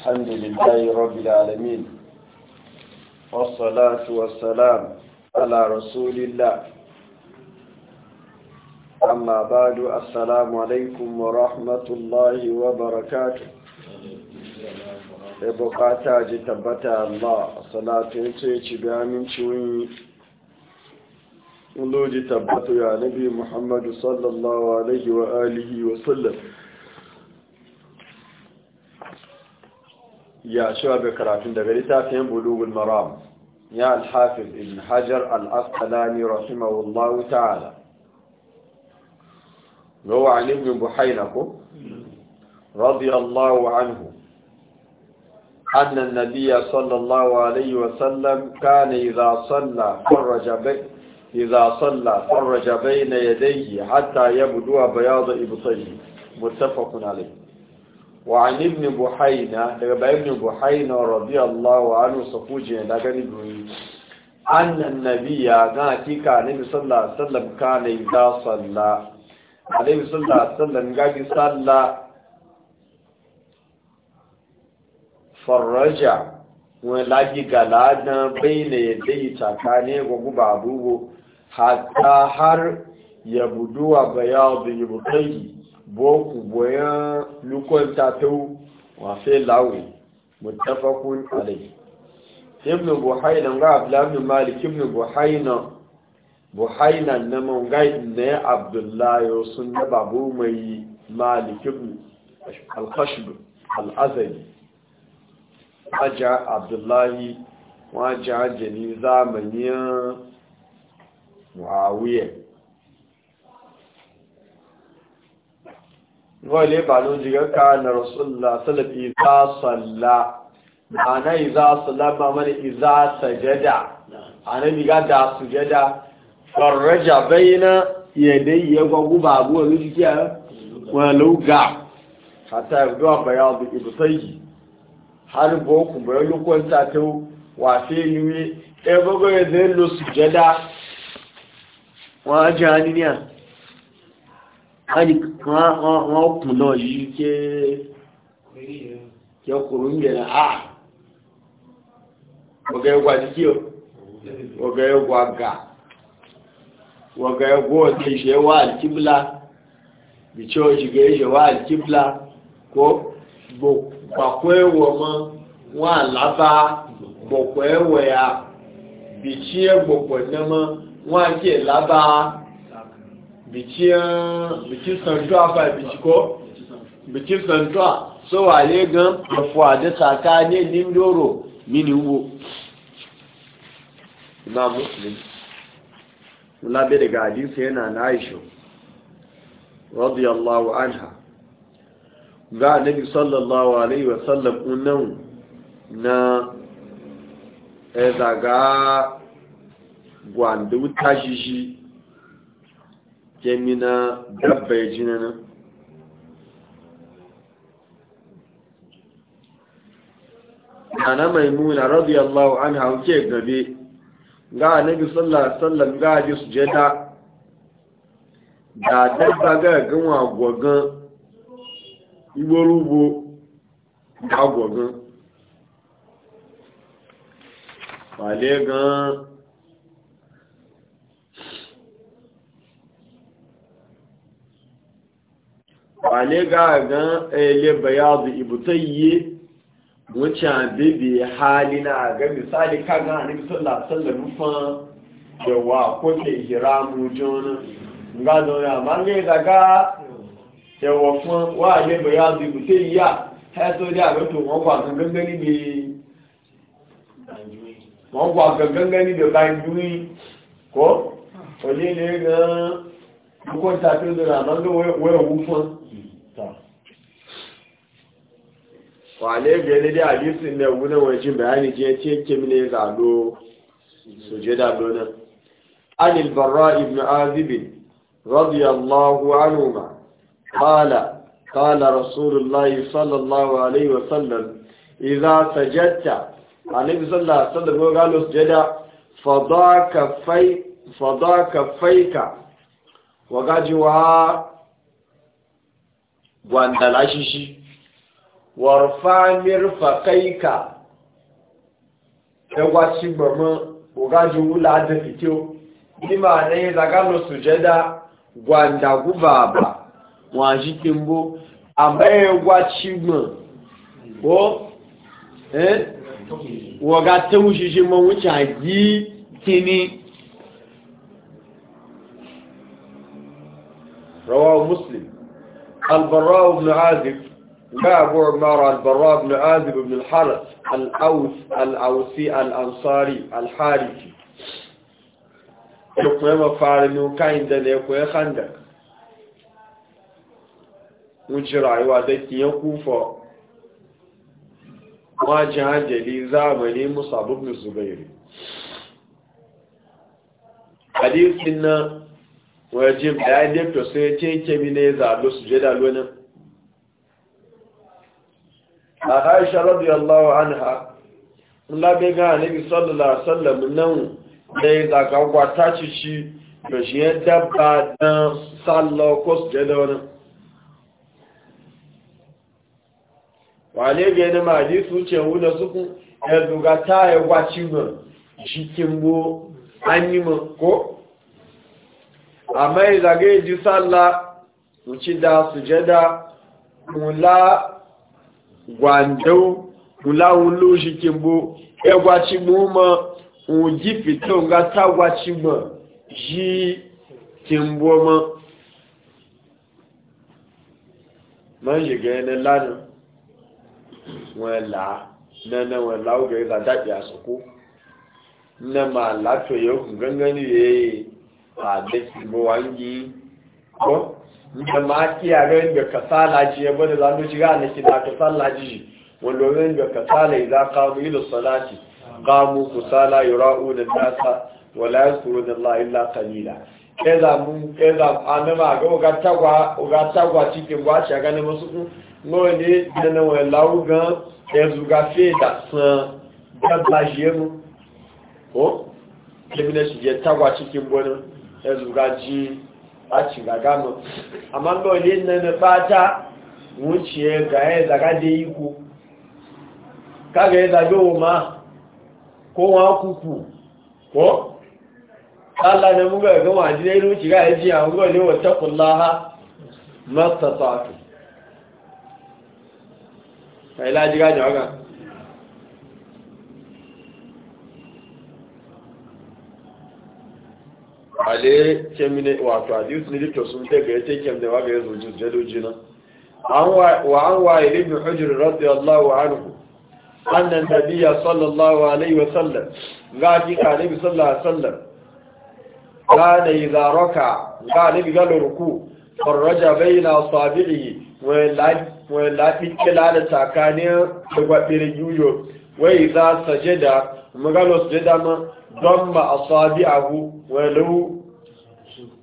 الحمد لله رب العالمين والصلاة والسلام على رسول الله أما بعد السلام عليكم ورحمة الله وبركاته بقاتا جتبتا الله صلاة يتيجي بأمين شوي ولو جتبتا يا نبي محمد صلى الله عليه وآله وسلم يا شباب كرافين ده فين بلوغ المرام يا الحافظ ابن حجر الأصلاني رحمه الله تعالى هو عن ابن بحينة رضي الله عنه أن النبي صلى الله عليه وسلم كان إذا صلى فرج إذا صلى فرج بين يديه حتى يبدو بياض إبطيه متفق عليه وعن ابن بحينا لقى ابن بحينا رضي الله عنه صفوجي لقى نبوي أن النبي ناتيك النبي صلى الله عليه وسلم كان إذا صلى عليه صلى الله عليه وسلم قال صلى فرجع ولاجي قلانا بين يديه تاكاني وقب عبوه حتى حر يبدو بياض يبطيه boku boyan lukon tafiyu wafe lawi mutafakun alai ibn buhainan ga abdullahi malik ibn buhaina buhaina na mangai ne abdullahi sun da babu mai malik ibn al-khashb al-azali aja abdullahi wajen jini zamaniyar muawiyar wale ba no jiga ka na rasulullah salafi za salla ana iza sallama mana iza sajada ana diga da sujada farraja baina yadai ya gwagu babu wani jiki a walau ga hata har boku bayan ta wafe yiwe ɗaya bago ya wajen wọ́n kùn lọ yìí kí ọkùnrin ń yẹ̀rẹ̀ àà ah! ọ̀gá ẹgbà jíjí ọ̀ ọ̀gá ẹgbà gà ọ̀gá ẹgbà ọ̀tẹ̀ ìṣẹ́ wà àjíbìlá bìtọ́ ìṣẹ́gẹ́ ìṣẹ́ wà àjíbìlá kó gbọ̀pọ̀ ẹwọ̀ mọ́ wọn àlábá gbọ̀pọ̀ ẹwọ̀ ya bìtí ẹgbọ̀pọ̀ nẹ́mọ́ wọn àti ẹ̀lábá bikin santuwa fa ko bikin santuwa so tsawaye gan afuwa da tsakanin lindoro mini wo na muslim labe daga hadisi yana na aisha radiyallahu anha ga annabi sallallahu alaihi wasallam unan na ezaga eh, gwandu tashishi kemina dabba ya ji nan ana maimuna radiyallahu an hauke gabe ga annabi sallallahu alaihi wasallam ga ji sujada da dabba ga ganwa gwagan igboro ugbo da gwagan wale gan wale ga gan ele eh, bayazu ibutayye wuce bibi hali na ga misali kaga a nufi sallah sallah nufan da wa kwace hiramu jona ga zauna ma ga yi daga yawa fún wa ale bayazu ibutayya ha so da ga to wọn kwa kan gangani bi wọn kwa kan gangani da bayan duni ko wale ne ga dukkan tafi da ma ga wayar wufan Wa kwale gani da hadisun da wuna wajen bayani je teke mine zado su je dabo nan an ilbara ibn azibin radiyallahu anuma kala kala rasulullahi sallallahu alaihi wa sallam, iza sajatta a sallam, sallallahu gano su je da fada ka faika wa gajiwa gwanda lashishi warfa mirfa kai ka ẹgwa ci gbọmọ ogajin wula da fito? fitio níma ẹ̀yìn zagalo sujẹ́dá gwanda gúbàbà wọn àjí tí ń bó àbẹ́ ẹgwa ma gbọm ó ẹ́ wọ̀gá tẹ́wù ṣiṣẹ́ mọ́ wọ́n ṣe àjí kíní rọwọ́ muslim البراء بن عازب جاء أبو عمارة البراء بن عازب بن الحرس الأوس الأوسي الأنصاري الحارثي يقوى مفارن كاين دن يقوى خندق وجرعي وعدتي يقوفا ما جهاجلي زامني مصاب بن الزبير حديث إنه wajib da ya to sai teke mine zalo su je da lonin a aisha radiyallahu anha labe ga nabi sallallahu alaihi wasallam nan da ya zaka kwata ci ci da shi ya dabba dan sallo ko su je da wani wale ga yana maji su ce wuna suku ya zuga ta ya gwaci mu shi kimbo an yi ko amma izage ji sallah da sujada mula gwandau mula wulu shikimbo egwaci muma uji fito nga tagwaci ma ji kimbo ma man shiga yana lanu wala nana wala oge ga daɗi a sako ma sabe su buwangi ko da ma kiyaye ga kasala ji ya bada zanu shiga na kida kasala ji wanda zan ga kasala idan qamu ila salati qamu kusala yura'una nasa wala la Allah illa qalila keza mun keza anama ga gatagwa gatagwa cikin gwaci ga ne musu no ne na wa lauga ezu gafe da san da bajemu ko kemina shi ya tagwa cikin bonin ẹzùgá jí àṣìgàgá ga àmàgbà olè nẹ́nà pátá wọ́n ṣe ẹgbà ẹzàgádé ikú kága ẹzàgbé ala kó wọn kúkù kọ́ tààlànà múgbà ẹ̀gbẹ́ wọn àdínlẹ̀ ìlú ṣìgá ẹjí àwọn ale kemine wato hadis ne to sun ta ga yace kemne wa ga yazo jalo jina an wa an wa ibn hujr radiyallahu anhu anna nabiyya sallallahu alaihi wa sallam gaji ka nabi sallallahu alaihi wa sallam da idza raka ga nabi galo ruku farraja baina asabihi wa la wa la tikila da tsakanin gwabirin yuyo wa idza sajada magalo sajada ma damma asabi'ahu wa lahu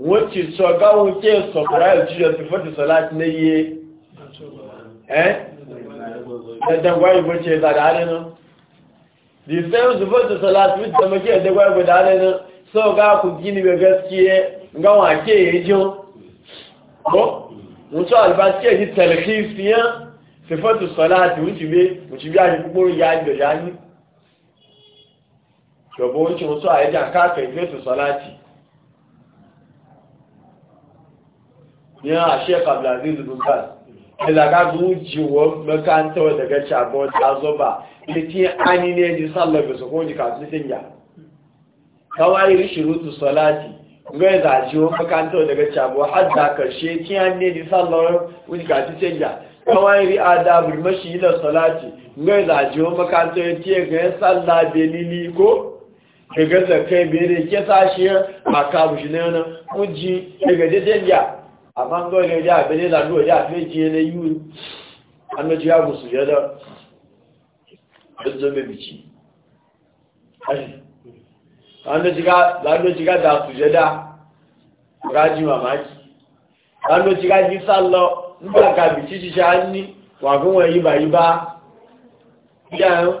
wọ́n ti sọ gáwọn tí ẹ̀ sọ̀kọ̀rá ìjíjọ ti fọ́tí sọ láti ní iye ẹ́ ẹ̀dẹ̀gbà di ti ẹ̀dàdà nínú the same to fọ́tí sọ láti fi tọmọ kí ga ìbòdà nínú sọ gáàkù kí ní gẹ́gẹ́ sí ẹ gáwọn àti èyí jùn bọ́ wọ́n sọ àlùbáṣí ẹ̀dí tẹ̀lẹ̀kí sí ẹ́ ti ya ìjọ̀já ní ṣọ̀bọ̀ wọ́n ti wọ́n sọ àyẹ́jà káàkiri fẹ́tí sọ láti ní àṣẹ́ Abdulaziz Lucas ìlàgágún jíwọ mẹ́kántọ́ daga chabon azoba lítí ani ne ji sallar da su kuma ji kasu sinya kawai rishirutu salati gai zajiwọ mẹ́kántọ́ daga chabon hadda karshe tí an ne ji sallar wani kawai ri adabul mashi ila salati gai zajiwọ mẹ́kántọ́ ya tiye ga yin sallar belili ko ga gasa kai bere ke sashe a kabushi na yana kun ji daga ya amma kawai ne ya abele da ruwa ya fi jiye na yi an na jiya musu ya da ɗanzo mai bici an na jiga da su ya da raji mamaki an na wọn yíba yíba yíyan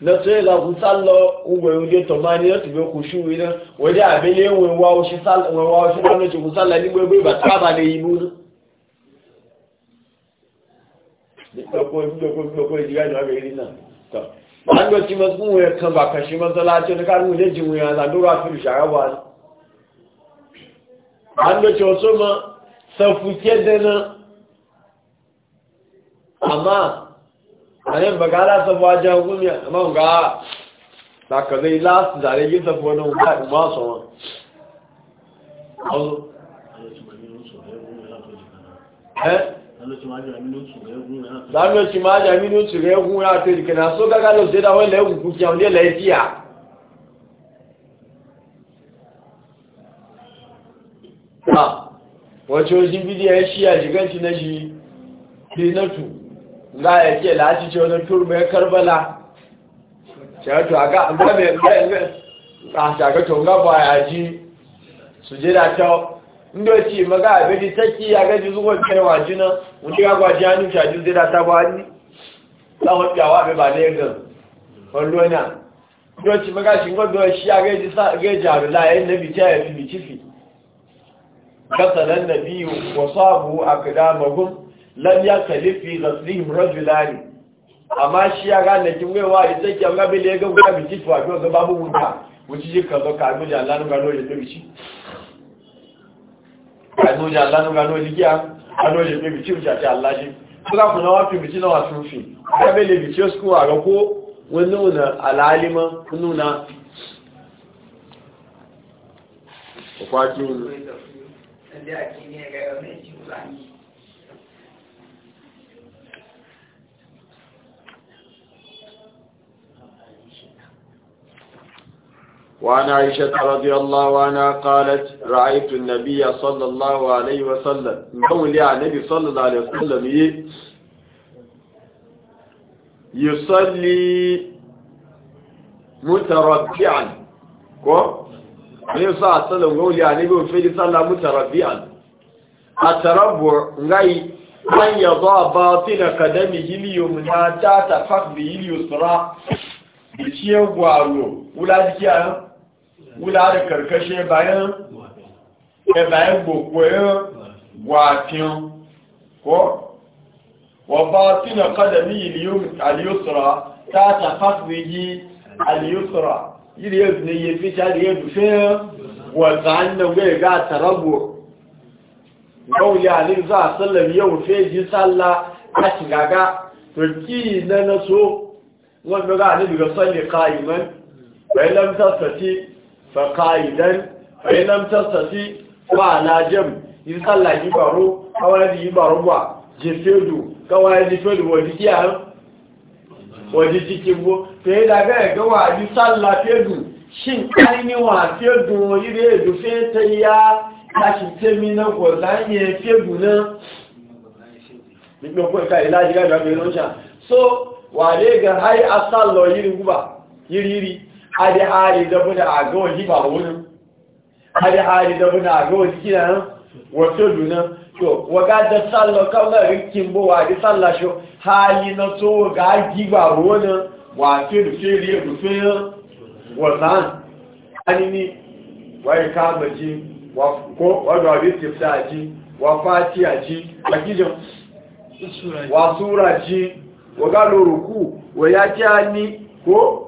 na tsaye la ku tsalla ugbo yau je tomani ya tube ku wina waje abele yin wawo shi wawo shi wani ce ku tsalla ni gbogbo ba tsaba ne yi nuna an yau ci masu mu ya kan ba kashi matsalaci na karin wuje jimu ya zandura fi shara ba an yau ci wasu ma safuke dana amma anan ba ga lasa a ja gumi amma ga da ka zai lasa da rage ta fona ba ba so wa azu ci ma ja minu ci ga gun ya so ga ga lo se da wala gun ku ja wala lafiya ha wato shi bidiya shi ya shiga na shi za ya ce lashi ce wani turbe karbala shagatu a ga a shagatu ga ba ya ji su je da kyau inda ce maga a gaji taki ya gaji zuwa kaiwa jina wani ga gwaji hannu shaju zai da ta bani za a hapyawa bai ba ne gan wallona inda ce maga shi gwagwa shi ya gaji harula yayin na bice ya fi bicifi kasanan na biyu wasu abu a kudamagun lam ya kalifi zaslihim rajulani amma shi ya gane kin wewa ita ke ga bele ga ga bi kitu a ga babu wuta wuci ji kazo ka mu ja lanu gano ya tabi shi ka mu ja lanu gano likiya gano ya tabi shi wuci Allah shi kuma ku na wafi bi na wasu fi ga bele bi su a ga ko wannan na alalima nuna kwatin da ake ne ga yau ne ji وعن عائشة رضي الله عنها قالت رأيت النبي صلى الله عليه وسلم نقول يا النبي صلى الله عليه وسلم يصلي متربعا كو النبي صلى الله عليه وسلم يقول يا النبي الله صلى متربعا التربع غي من يضع باطن قدمه اليمنى تحت فخذه اليسرى بشيء وعلو ولا ذكي wula da karkashe bayan e bayan gbogbon wafiyan ko wabba tina kadami aliyusra ta ta fasirigi aliyusra yiri yanzu ne ya fi shari ya dufe wata hannun gai ga tarabo yau yalin za a sallar yau ji sallah a shigaga turki na naso wanda za a nabi ga salli ka'iman bai lamtar sati فقائدا فإن لم تستطيع فعلى جنب إذ صلى يبارو أو هذه يبارو جفيدو كما يجفيدو وديتيا وديتيكو فإذا كان كما يصلى fedu. shin ƙarni wa fedu ire edufe ta ya kashi temi na kwazanye fedu na gbogbo ẹ̀ka ìlàjì gájọ́ abẹ̀rẹ̀ lọ́ṣà so wà lè ga hai asálọ̀ yìí rí gúbà yìí hadi hali da muna a ga wani ba wurin hadi hali da muna a ga wani kina nan wato luna to waga da sallah kawai rikin bo wa tsalla sallah sho hali na to ga gi ba wurin wato da fere rufe wannan anini wai ka baji wa ko wadda wani tafsa ji wa a ji a gijin, wa sura ji waga ruku, wa ya ji ni ko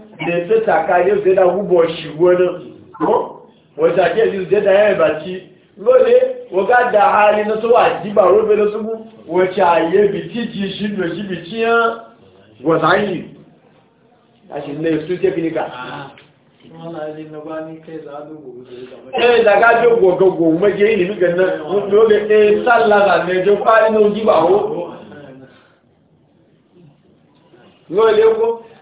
da ta taka yau zai da gubo shi wani ko wata ke yi zai da yaya baci lole waga da hali na sowa jiba robe na sugu wace aye biti ji shi da shi biti ya wasa a shi ne su ke fi nika ɗaya eh, da gajo gogogo maje yi nuka nan lole ɗaya eh, sallaba ne jo kwari na ojiba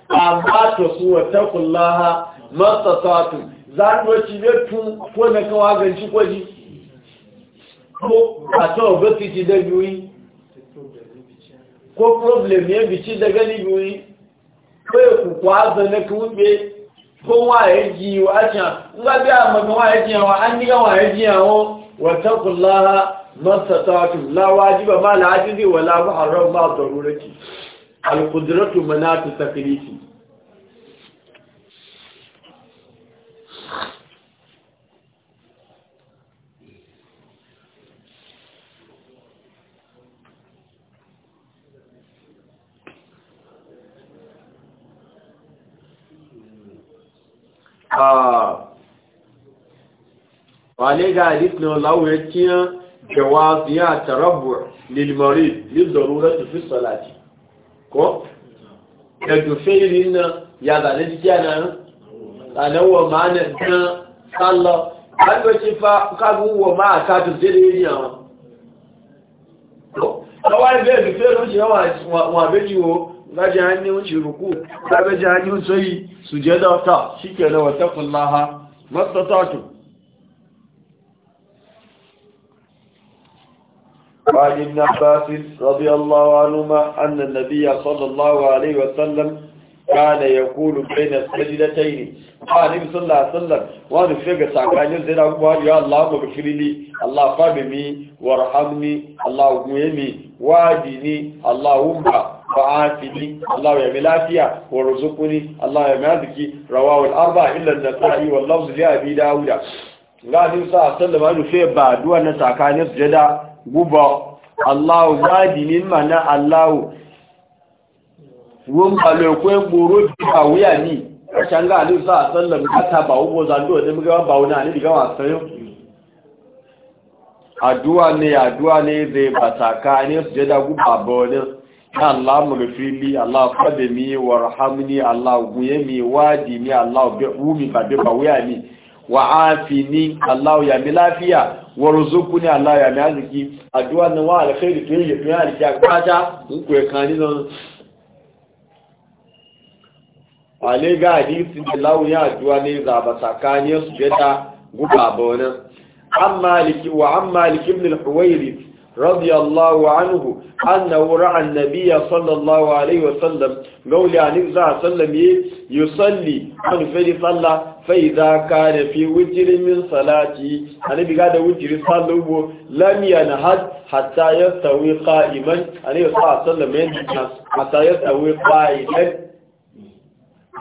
amma ta su wata kullaha masa matsasatu za a ci ne tun ko na kawa ganci kwaji ko a ta obesi da yuyi ko problem ya bici da gani yuyi ko ya ku kukwa zane kuɓe ko waye ji wa a can nga bi a maka waye ji yawa an diga waye ji yawo ta kullaha masa matsasatu la wajiba ma la ajizi wala ba haram ba darurati alƙudratu manatu tafiliki wane ga hadith na lawuyar kiyan jawaziya tarabbu lilmarid lil daruratu fi salati ko daga failin nan ya zane jikiya na nan tsananwa ma na dan tsallon hanyoci fa kaguwa ma a katon zai da yi yawa kawai bai da failin shi yawa wa beji wo gaji hannun shi ruku ta gaji hannun sai su je da wata shi ke da wata kullaha masu tatu وعن ابن عباس رضي الله عنهما أن النبي صلى الله عليه وسلم كان يقول بين السجدتين قال صلى الله عليه وسلم وانا فيك ساكاني زينا قال يا الله مغفر لي الله فهمني وارحمني الله مهمي واجني اللهم فعافني الله يا ملافيا ورزقني الله يا مالكي رواه الأربع إلا النسائي واللفظ لأبي داود قال صلى الله عليه وسلم وانا فيك بعد وانا ساكاني زينا guba Allah wadi mana Allah won ba le ko gboro bi awiya ni shanga ali sa sallam kata ba ubo zando da muga ba wona ni diga wa sayo addu'a ne addu'a ne zai bataka ne su jada guba ba ne Allah mulfili Allah Allah ba ba wa afini Allah ya mi lafiya warzuquni Allah ya mi arziki addu'a nan wa alkhairi to yi to ya alkiya kwata in ku ya kani nan wale ga hadisi da lawo ya addu'a ne za ba sakani su beta guba bona amma liki wa amma liki ibn al-huwairi رضي الله عنه أنه رأى النبي صلى الله عليه وسلم قول يعني صلى الله عليه وسلم يصلي عن فلي صلى فإذا كان في وجر من صلاتي أنا قال وجر صلى لم ينهد حتى يستوي قائما أنا يصلى الله عليه وسلم حتى يستوي قائما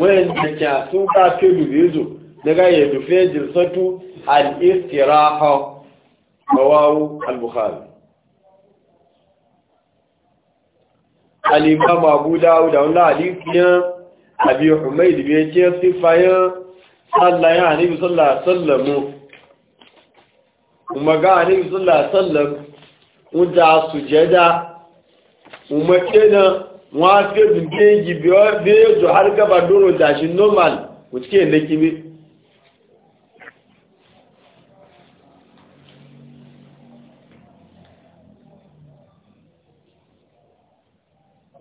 وين كاسو كاتلو بيزو نقا يدفع جلسة الاستراحة al البخاري ma abu dawud da wani hadisiyan abi humaid biya ce sifayen sallayen hannu sallah sallamu kuma ga hannu sallah sallam wuta sujada kuma kenan wafe bin keji biyo biyo har gaba doro dashin normal wuce ke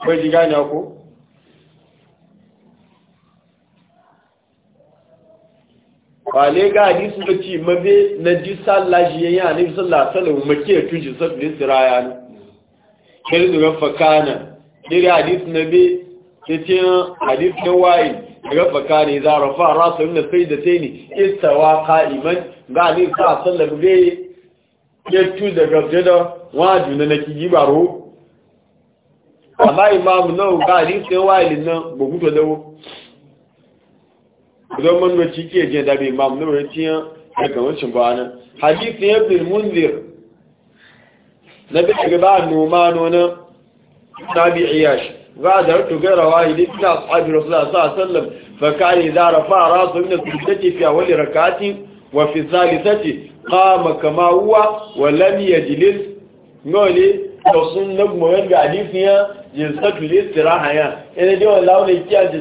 akwai ji gane ko? Kwale ga hadisu da ci mabe na ji sallah shi yayin annabi sallallahu alaihi wasallam make tuji sabbi siraya ne. Kai da fakana, ɗiri hadisu na be cikin hadith na ga fakana fakani za rafa rasu inda sai da sai ne istawa ka'iman ga ne sa sallar bai ya tu daga jada wajen na naki gibaro àbá ìmáàmù náà ò káàdì ń tẹ́ wáìlì náà lẹ́wọ́ lọ́wọ́ ọdọ́mọ́ tí kí èjì ẹ̀dàbí ìmáàmù náà rẹ̀ tí yán ẹ̀kàn ó ṣùgbọ́n aná hadith ti bin bí ẹgbẹ́ bá nùmá za a zartu gaira wahidi ina wa kama da sun na goyon ga hadifiya jinsatu listira haya ina ne wa launin kiya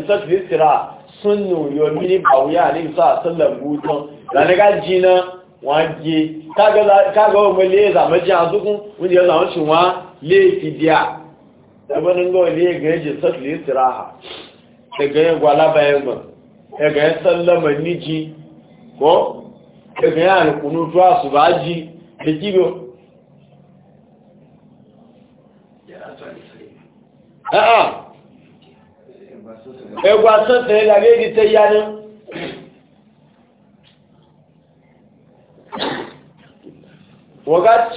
sun nuriyo mini bawuya a nisa a sallan buton da na gaji na waje kaga wa mai leza maji a zukun wanda ya zama biya da wani gawa ne ga jinsatu listira ha daga yin gwala bayan ba daga yin sallama niji ko daga yin alkunu tuwa su baji da kibiyo ẹgbà sọ́tẹ̀ ìlàrí èdè tẹ́ yá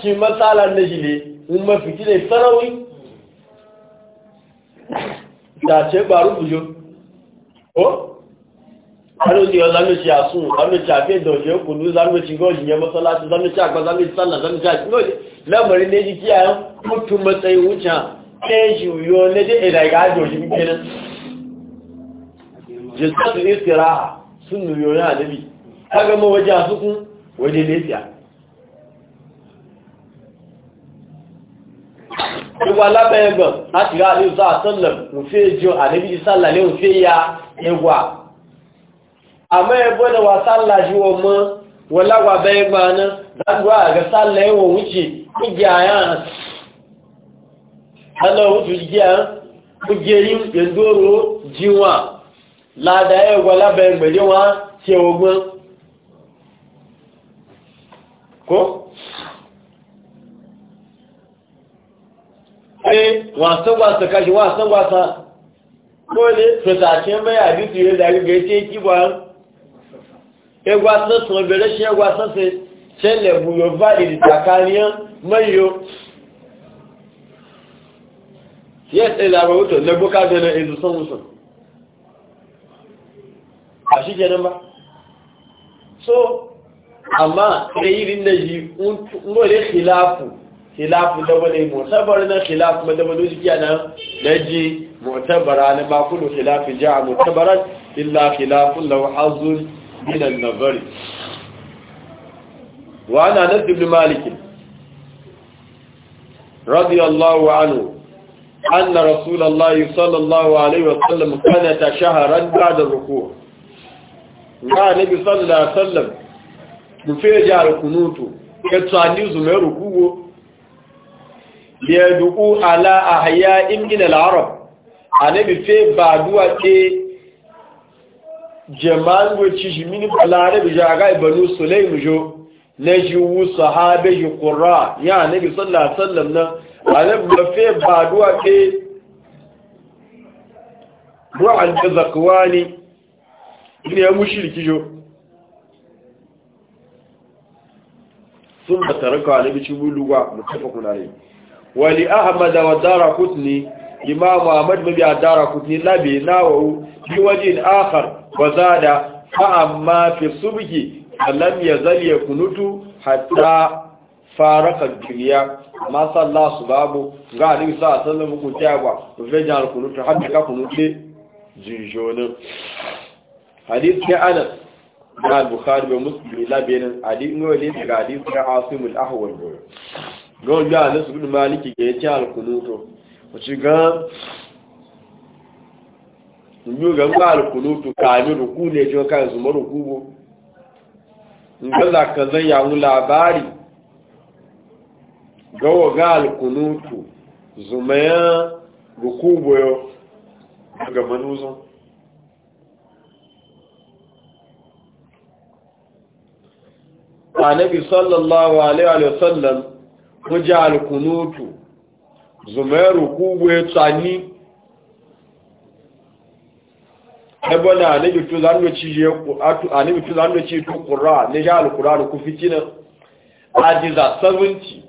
ci matsala na jile in mafi gina sarawi da ce gbaru bujo o wani ne zanuci a sun zanuci a fiye da oje kunu zanuci goji ya matsala zanuci a gba zanuci sallah zanuci a lamarin ne jikiya mutum matsayin wucin kéjì yóò lédè ìdàgá àjòjì gbẹ́nà jésù ní isira sun yóò náà níbi agama waje àsukún waje lẹ́sìá ìwà lábẹ́ láti rá àríwá àtọ́lẹ̀ òfin ìjọ àníbí ìsàlàlẹ́ òfin ya ẹwà àmọ́ ẹgbọ́n wà sálàjú ọmọ wọláwà bẹ́ẹ̀gbà náà dágbà àgbẹ̀sálẹ̀ ẹwọ̀n wíṣẹ́ ìgbẹ̀ Allah wuce jiya kujerin yandoro jiwa lada ya gwala bayan gbajewa ce ogun ko? ɗaya e, wasan wasa kashi wasan wasa ko ne fasashen mai abitu ya zari ga ce kiba egwasan sun bere shi egwasan sai ṣẹlẹ̀ buyo validi takaniyar mayo yes ɗaya eh, wuto na boka da na izu son wusun a shi kenan ba so amma da irin da shi ngole khilafu khilafu da wani mutabar na khilafu ma da wani shi na, na ji mutabara na ba kullu khilafu ja'a mutabaran illa khilafu law hazun min na bari. wa ana nasib malik radiyallahu anhu أن رسول الله صلى الله عليه وسلم قنت شهرا بعد الركوع ما نبي صلى الله عليه وسلم مفيجع القنوت يتصاني زمي ركوع يدعو على أحياء من العرب annabi fe ba duwa ke jama'an wacce shi mini balarabi ja ga ibanu sulaimu jo na jiwu sahabe ji qurra ya annabi sallallahu alaihi wasallam Alif alẹ́gbẹ̀fẹ́ bàdúwà pé ruwan da zakuwa ne ne ya mushi rikijo sun da tarika na bici buluwa mutafakun alai wali ahmad da dara kutni imam ahmad mabi a dara kutni labi nawawu bi wajen akar wa zada fa amma fi subki alam yazal yakunutu hatta faraka duniya amma sallah su babu ga alim sa sallan muku kyawa rajin alkunu ta hadda ka kunu ce jinjonin hadith ke anas na al-bukhari bai musulmi labirin hadith ne wani daga hadith asim al ahwal go go ya ya su bin maliki ga ya ce alkunu to ci ga ni ga ga alkunu to kami ruku ne jiwa kan zuma ruku bu in ga zaka zai yawon labari gawa ga kunutu zumaya yo ga manuzon annabi sallallahu alaihi sallam kuja alkunutu zumaya rukuboyo tsani ebona annabi tu zanu ci je ku atu annabi tu da ci tu qur'an ne ja alquran ku fitina ajiza 70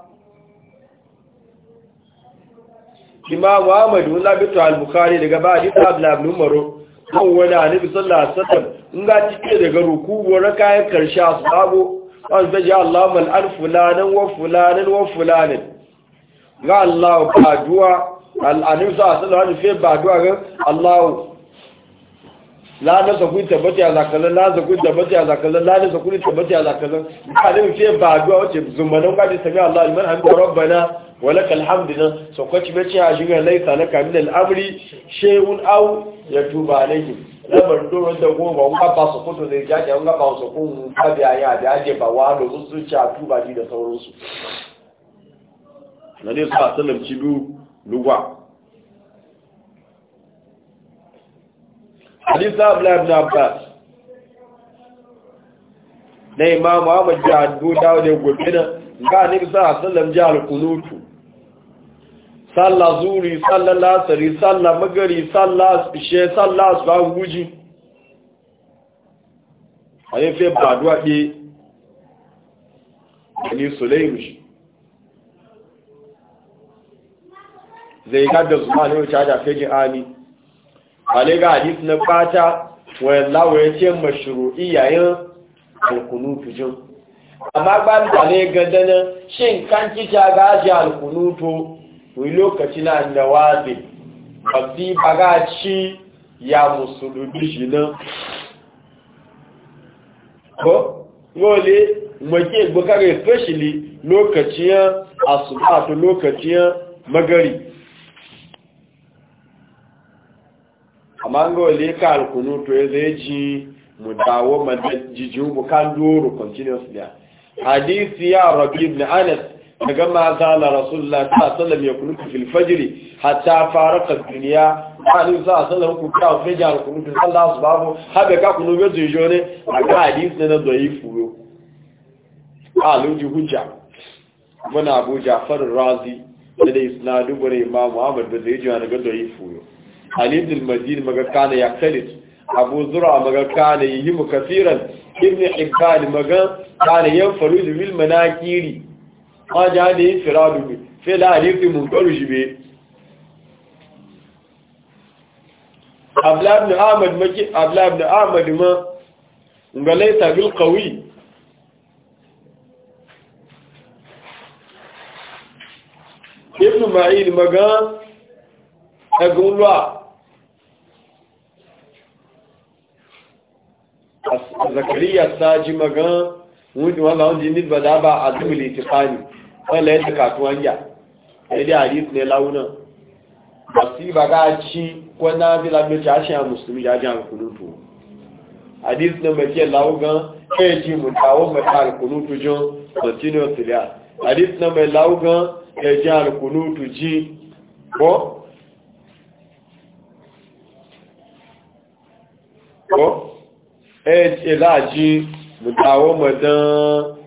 imam ahmad bin labitu al-bukhari daga ba'di abla ibn umar kan wani annabi sallallahu alaihi wasallam in ga cike daga ruku kayan karshe ashabu an zaji allahumma al fulanan wa fulanan wa fulanan ga allah ba du'a al sallallahu alaihi wasallam ba du'a allah la na sakuni tabbati a zakalin la a la na sakuni tabbati a zakalin ce ba addu'a wace sami Allah liman hamdu rabbana bace a shiga laisa na kamin al'amri shay'un aw yatuba alayhi labar da goma un gaba su kuto zai jaje un gaba su kun da aje ba wa da su ci a tuba ji da sauransu nabi sallallahu lugwa hadis na abdullahi ibn abbas na imam ahmad jihad bu dawo da gudina ga nabi sallallahu alaihi wasallam jihar kunutu sallah zuri sallah lasari sallah magari sallah ishe sallah asuwa guji a yin fi baduwa ɗe ni sulaimu zuma ne wuce a jafejin ami ale ga na bata wallahu ya ce mashru'i yayin alkunutu jin amma ban da ne ga dana shin kan kita ga aji alkunutu wai lokaci na da wazi babbi baga ci ya musulubi shi nan ko wole mwake gbukare especially lokacin asubatu lokaciya magari amma ga wale ka alkunu to ya zai ji mu dawo kan duru continuous continuously hadisi ya rabi ibn anas daga ma zala rasulullah ta sallam ya kunutu fil fajr hatta faraka dunya ali za sallam ku ka fajr alkunutu sallah subhanahu habe ka kunu be ne jone aga hadisi na dhaifu yo aluji hujja muna abu ja'far razi da sunadu bare imam ahmad da zai ji daga dhaifu yo علي بن المدين مجد كان يختلف أبو زرع مجد كان يهم كثيرا ابن حكال مجد كان ينفرد المناكير ما جاء لي انفراد فلا عليك منفرج به abla ibn ahmad مجد abla ibn ahmad ma ngalaita bil qawi ibn مجد أقول agulwa jabariya saji magan wujin wanda wanda yin nisba da ba a zubuli tifani wanda yadda katuwan ya yadda hadis ne launin masu ba ga ci kwana bila mai jashin a musulmi ya jan kunutu hadis na mai laugan kai ji mutawon mai alkunutu jin continuous syria hadis na mai laugan ya ji alkunutu ji ko ko e eh, laji eh, mutawo madan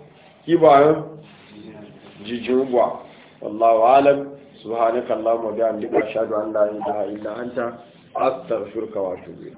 kibayen jijin gwa wallahu alam subhanakallahumma bihamdika ashhadu an la ilaha illa anta astaghfiruka wa atubu